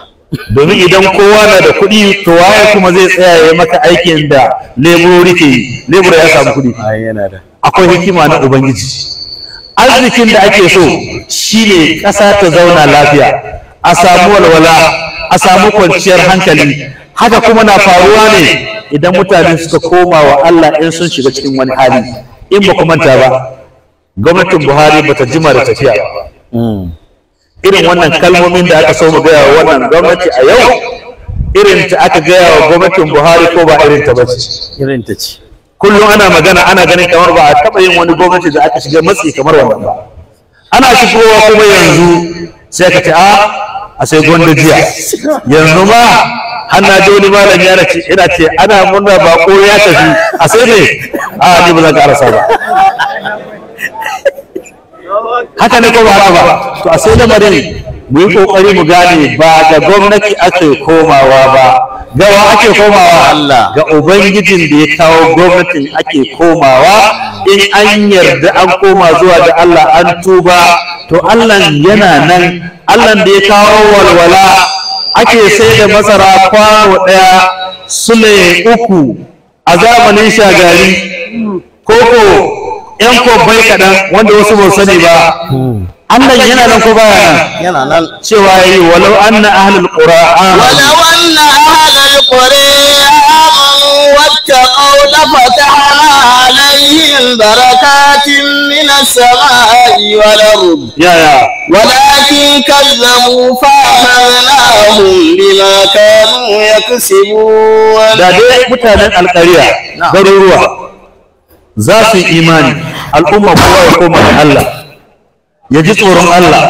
domin idan kowa na da kuɗi to waye kuma zai tsaya ya maka aikin da leburori ke yi lebura ya samu kuɗi akwai hikima na ubangiji arzikin da ake so shi ne ƙasa ta zauna lafiya a samu walwala a samu kwanciyar hankali haka kuma na faruwa ne idan mutane suka koma wa Allah in sun shiga cikin wani hali in ba ku manta ba gwamnatin Buhari bata jima da tafiya mm. irin wannan kalmomin da aka so mu gaya wa wannan gwamnati a yau irin ta aka gaya wa gwamnatin buhari ko ba irin ta bace irin ta ce kullum ana magana ana ganin kamar ba a taɓa yin wani gwamnati da aka shiga matsi kamar wannan ana shigowa kuma yanzu sai ka ce a ah, a sai gwanda jiya yanzu ma har na ji wani malami ce ina ce ana murna bako ya tafi a sai ne a ah, ni ba zan karasa ba haka ne ko ba ba to a sai lamarin mu yi kokari mu gane ba ga gwamnati ake komawa ba ga wa ake komawa Allah ga ubangijin da ya kawo gwamnatin ake komawa in an yarda an koma zuwa da Allah an tuba to Allah yana nan Allah da ya kawo walwala ake sai da masara kwano ɗaya sule uku a zamanin shagari koko yan kwabbai kaɗan wanda wasu ba sani ba Annan yana nan ko baya yana nan cewa yi walau anna ahlul qura walau anna ahlul qura amanu wattaqaw la fatahna alaihim barakatin minas samai wal ard ya ya walakin kazzabu fa akhadnahum bima kanu da dai mutanen garuruwa za su yi imani al'umma kowa ya koma da Allah ya ji tsoron Allah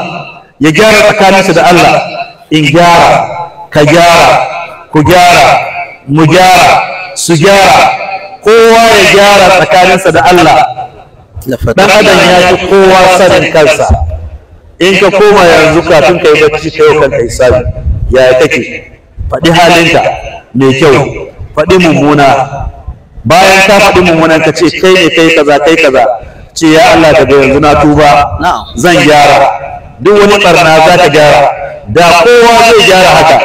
ya gyara tsakaninsa da Allah in gyara ka gyara ku gyara mu gyara su gyara kowa ya gyara tsakaninsa da Allah dan adam ya ji kowa sanin kansa in ka koma yanzu kafin ka yi bacci ka yau kanka hisabi yaya kake faɗi halinka mai kyau faɗi mummuna bayan ka faɗi mummunan ka ce kai ne kai kaza kai kaza ce ya Allah daga yanzu na tuba zan gyara duk wani barna za ta gyara da kowa zai gyara haka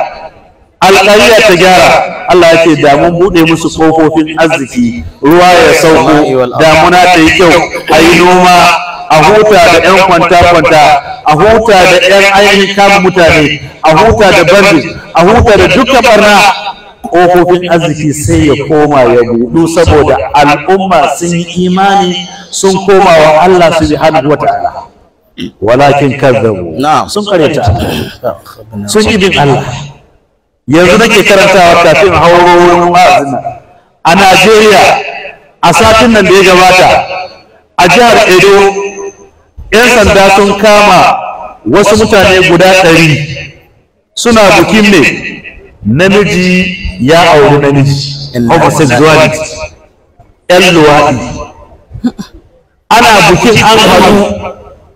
alƙariya ta gyara Allah ya ce da mun buɗe musu kofofin arziki ruwa ya sauko damuna ta yi kyau a yi noma a huta da 'yan kwanta-kwanta a huta da 'yan ainihin kama mutane a huta da bandit a huta da dukkan barna Kofofin arziki sai ya koma ya buɗu saboda al'umma sun yi imani sun koma wa Allah subhanahu wa ta'ala walakin kazzabu sun karyata sun yi bin Allah yanzu nake karantawa kafin hauro wurin ma'azina a Najeriya a satin nan da ya gabata a jihar Edo 'yan sanda sun kama wasu mutane guda ɗari suna bukin ne namiji ya auri namiji homosexuality ƴan luwaɗi ana bukin an hannu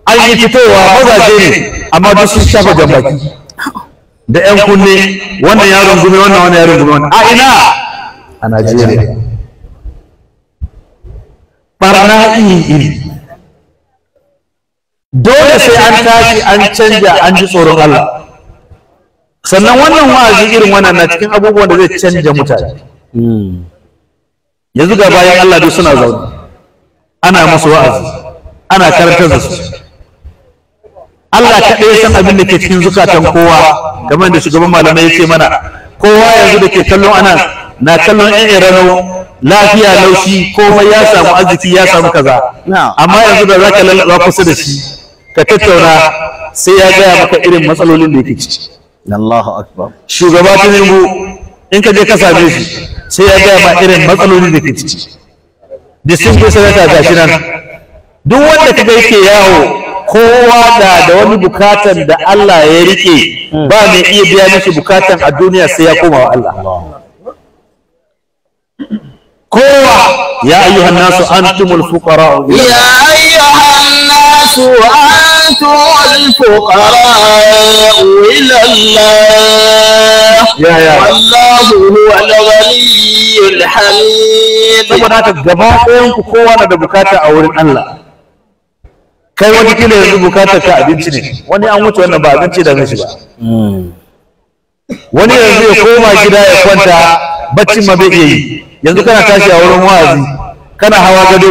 an yi fitowa mazaje ne amma duk sun shafa jambaki da yan kunne wannan ya rungume wannan wannan ya rungume wannan a ina a najeriya barna iri iri dole sai an tashi an canja an ji tsoron allah sannan wannan wa'azi irin wannan na cikin abubuwan da zai canja mutane hmm. yanzu ga bayan Allah duk suna zaune ana musu wa'azi ana karantar da su Allah kaɗai san abin da ke cikin zukatan kowa kamar da shugaban malamai ya ce mana kowa yanzu da ke kallon ana na kallon ƴan irarau lafiya laushi komai ya samu arziki ya samu kaza amma yanzu da za zaka lalaba kusa da shi ka tattauna sai ya gaya maka irin matsalolin da yake ciki Allahu akbar shugaba Tinubu in ka je ka same shi sai ya gaya ma irin matsaloli da ke ciki da sun ke sanata gashi nan duk wanda kaga yake yawo kowa da da wani bukatan da Allah ya rike ba mai iya biya mishi bukatan a duniya sai ya koma wa Allah kowa ya ayyuhan nasu antumul fuqara ya ayyuhan nasu أنتم الفقراء إلى الله والله هو الغني الحميد saboda haka gaba ɗayan ku kowa na da bukata a wurin Allah kai wani kila yanzu bukatar ka abinci ne wani an wuce wannan ba abinci da mishi ba wani yanzu ya koma gida ya kwanta baccin yanzu kana tashi a wurin wa'azi kana hawa gado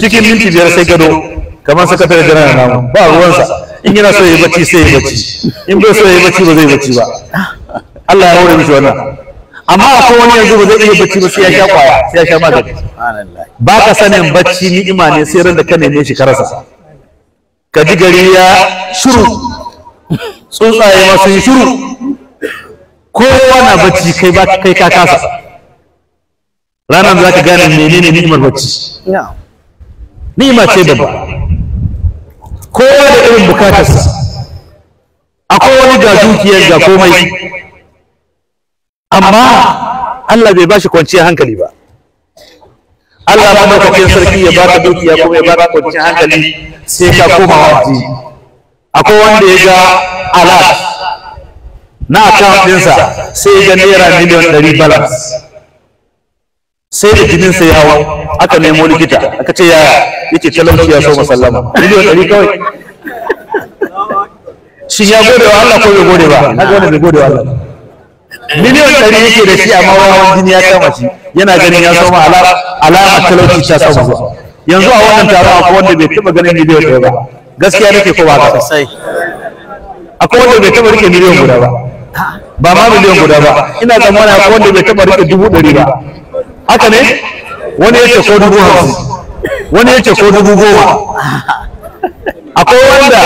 cikin minti biyar sai gado kamar sakatare janar namu ba ruwansa in yana so ya yi bacci sai ya bacci in bai so ya yi bacci ba zai bacci ba Allah ya hore mishi wannan amma ko wani yanzu ba zai iya bacci ba sai ya sha kwaya sai ya sha magani ba ka sanin bacci ni'ima ne sai ran da ka neme shi karasa ka ji gari ya shuru tsuntsaye ma sun yi shuru kowa na bacci kai ba kai ka kasa ranar za ka gane menene ni'imar bacci ni'ima ce babba kowa da irin bukatarsa akwai wani ga dukiyar ga komai amma Allah bai bashi kwanciyar hankali ba Allah ma madaukakin sarki ya baka dukiya kuma ya baka kwanciyar hankali sai ka koma waje akwai wanda ya ga alat na account ɗinsa sai ya ga naira miliyan ɗari balance sai da jinin sai hawa aka nemo likita aka ce yaya yake talauci ya so musallama miliyan ɗari kawai shi ya gode wa Allah ko bai gode ba na gode bai gode wa Allah miliyan ɗari yake da shi amma wawan jini ya kama shi yana ganin ya soma alama talauci ta sama zuwa yanzu a wannan taron akwai wanda bai taɓa ganin miliyan ɗaya ba gaskiya nake ko ba ka akwai wanda bai taɓa rike miliyan guda ba ba ma miliyan guda ba ina tsammani akwai wanda bai taɓa rike dubu ɗari ba haka ne wani yace ko dubu hamsin wani yace ko dubu goma akwai wanda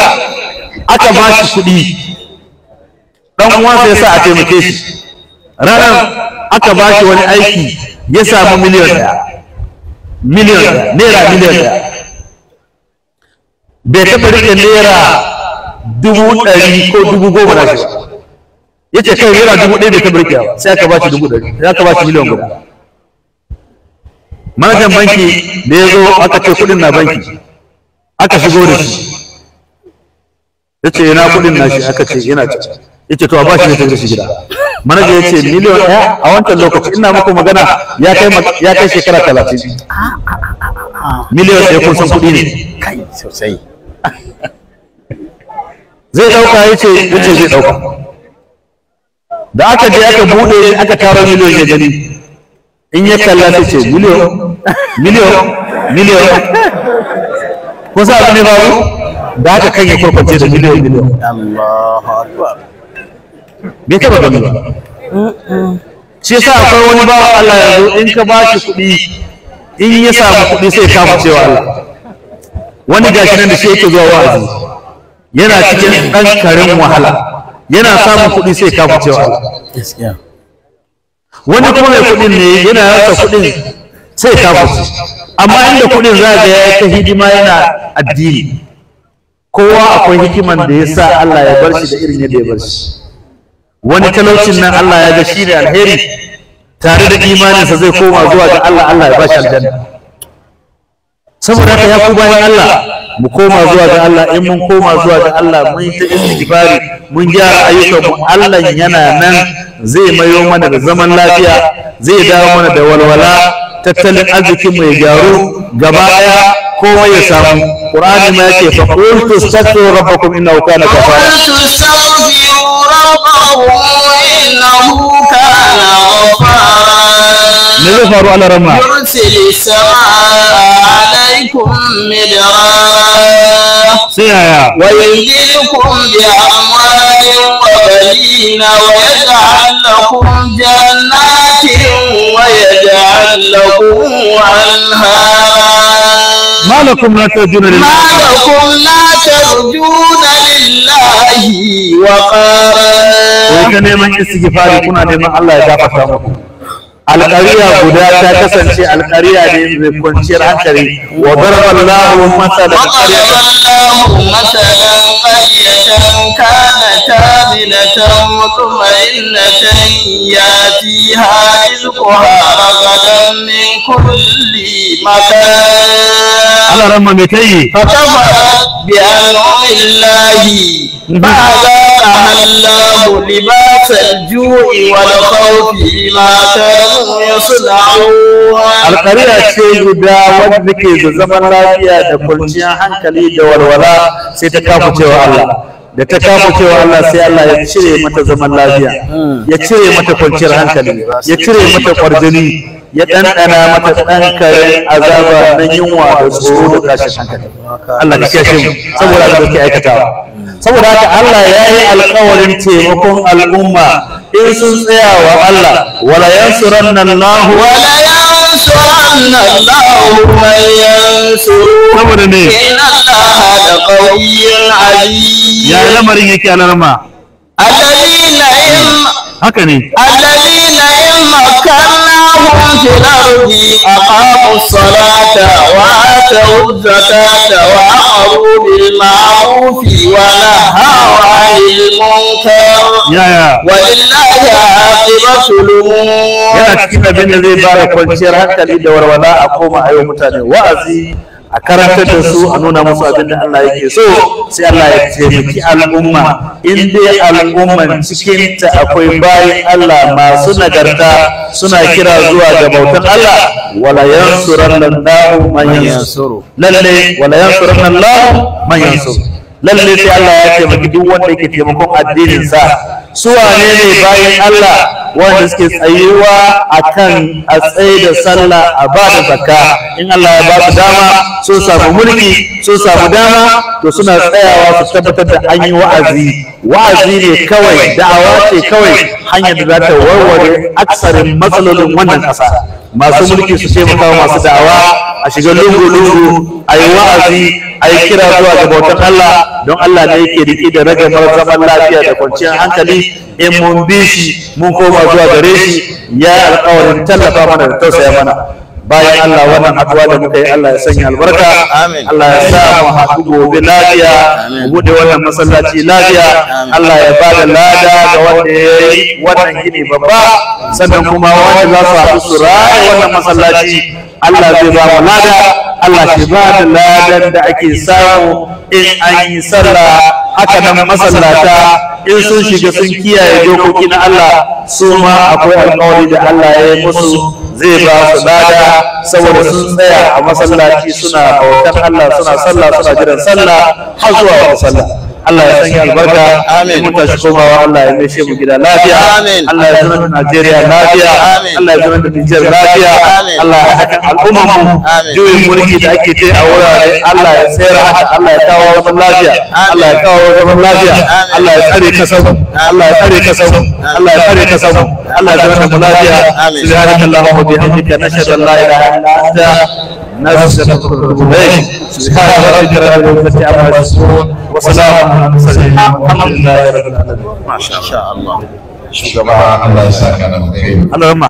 aka ba shi kuɗi ɗan uwa sai sa a taimake shi ranar aka ba shi wani aiki ya samu miliyan ɗaya miliyan ɗaya naira miliyan ɗaya bai taɓa riƙe naira dubu ɗari ko dubu goma na shi ba ya ce kai naira dubu ɗaya bai taɓa riƙe ba sai aka ba shi dubu ɗari sai aka ba shi miliyan goma manajan banki da ya zo aka ce kudin na banki aka shigo da shi ya ce yana kudin na shi aka ce yana ci ya ce to a bashi ne ta da shi gida manajan ya ce miliyan ɗaya a wancan lokaci ina muku magana ya kai shekara talatin miliyan ɗaya kun san kuɗi ne kai sosai zai ɗauka ya ce ya ce zai ɗauka da aka je aka buɗe aka taro miliyan ya gani in ya kalla ce miliyon miliyon miliyon Ko sa abin ne babu da aka kan ya kurkwace da miliyon miliyon Allahu akbar bai taba gani ba shi yasa akwai wani bawa Allah yanzu in ka ba shi kuɗi in ya samu kuɗi sai ka mu cewa Allah wani gashi nan da shi yake zuwa wa'azi yana cikin ɗan karin wahala yana samun kuɗi sai ka mu cewa Allah wani kuma mai kuɗin ne yana yasa kuɗin sai ta amma inda kuɗin za ga ya ta hidima yana addini kowa akwai hikiman da ya sa Allah ya bar shi da irin yadda ya bar shi wani talaucin nan Allah ya ga shi ne alheri tare da imaninsa zai koma zuwa ga Allah Allah ya ba shi aljanna saboda haka ya ku bayan Allah mu koma zuwa ga Allah in mun koma zuwa ga Allah mun ta istighfari mun gyara mu. Allah yana nan zai mayo mana da zaman lafiya zai dawo mana da walwala tattalin arzikin mu ya gyaru gaba daya komai ya samu qur'ani ma yake fa qul tastaghfiru rabbakum innahu kana ghafara tastaghfiru rabbakum innahu kana ghafara me zai faru ala rama yursil samaa alaikum midra sai yaya wa yunzilkum bi amwalin wa banina wa yaj'al lakum jannatin wa yaj'al lakum anhara ما لكم لا ترجون لله ما لكم لا ترجون لله وقارا وكان من استغفار كنا لمن الله يغفر لكم alƙariya guda ta kasance alƙariya ne mai kwanciyar hankali wa masa darban lahu masalan qaryatan kanat aminatan mutma'innatan yatiha rizquha ragadan min kulli makan Allah rahma mai kai fa kafarat بأنواع الله بعد أهله لباس الجوع والخوف بما كانوا يصنعون القرية ce guda wadda ke da zaman lafiya da kwanciyar hankali da walwala sai ta kafa cewa Allah da ta kafa cewa Allah sai Allah ya cire mata zaman lafiya ya cire mata kwanciyar hankali ya cire mata kwarjini ya ɗanɗana mata ɗan ɗankarin azaba na yunwa da tsoro da tashin hankali Allah ka kashe mu saboda haka ke aikatawa saboda haka Allah ya yi alƙawarin taimakon al'umma in sun tsaya wa Allah wala yansuranna Allah wala yansuranna Allah man yansuru saboda ne inna Allah da qawiyyun aziz ya lamarin yake alarma alladhina haka ne alladhina in makkan من في الأرض أقاموا الصلاة وآتوا الزكاة وأمروا بالمعروف ونهوا عن المنكر ولله عاقبة الأمور. yana cikin abin da zai bada kwanciyar hankali da warwala a koma a yau mutane wa'azi a karantar da su a nuna musu abin da Allah yake so sai Allah ya taimaki al'umma in dai al'umman cikin ta akwai bayan Allah masu nagarta suna kira zuwa ga bautan Allah wala yansuranna man yansuru lalle wala yansuranna man yansuru lalle sai Allah ya taimaki duk wanda yake taimakon addinin sa su wane ne bayan Allah wanda suke tsayuwa kan a tsaye da sallah a ba da zakka in Allah ya ba su dama sun samu mulki sun samu dama to suna tsayawa su tabbatar da an yi wa'azi wa'azi ne kawai da'awa ce kawai hanyar da za ta warware aksarin matsalolin wannan ƙasa masu mulki su taimaka masu da'awa a shiga lungu-lungu a yi wa'azi a yi kira zuwa ga bautan Allah don Allah ne yake riƙe da ragamar zaman lafiya da kwanciyar hankali in mun bi shi mun koma zuwa gare shi ya alƙawarin tallafa mana da tausaya mana bayan Allah wannan haduwa da muka yi Allah ya sanya albarka Allah ya sa mu haɗu gobe lafiya mu bude wannan masallaci lafiya Allah ya ba da lada ga wanda ya yi wannan gini babba sannan kuma wanda za su haɗu su raya wannan masallaci Allah zai ba mu lada Allah shi ba da ladan da ake samu in an yi sallah haka nan masallata in sun shiga sun kiyaye dokoki na Allah su ma akwai alƙawari da Allah ya yi musu zai ba su lada saboda sun tsaya a masallaci suna bautan Allah suna sallah suna jiran sallah har zuwa wata sallah Allah ya sanya albarka amin mu tashi komawa Allah ya meshe mu gida lafiya amin Allah ya zama Najeriya lafiya amin Allah ya zama da Nijar lafiya amin Allah ya haɗa al'umma mu juyin mulki da ake ce a wurare Allah ya tsere haka Allah ya kawo zaman lafiya Allah ya kawo zaman lafiya Allah ya tsare kasar Allah ya tsare kasar Allah ya tsare kasar Allah ya zama da lafiya subhanakallahumma wa bihamdika nashhadu an la ilaha illa anta نستغفرك سبحان ربك رب العزة عما يصفون وسلام على المرسلين الحمد لله رب العالمين ما شاء الله شكرا الله يسعدك اللهم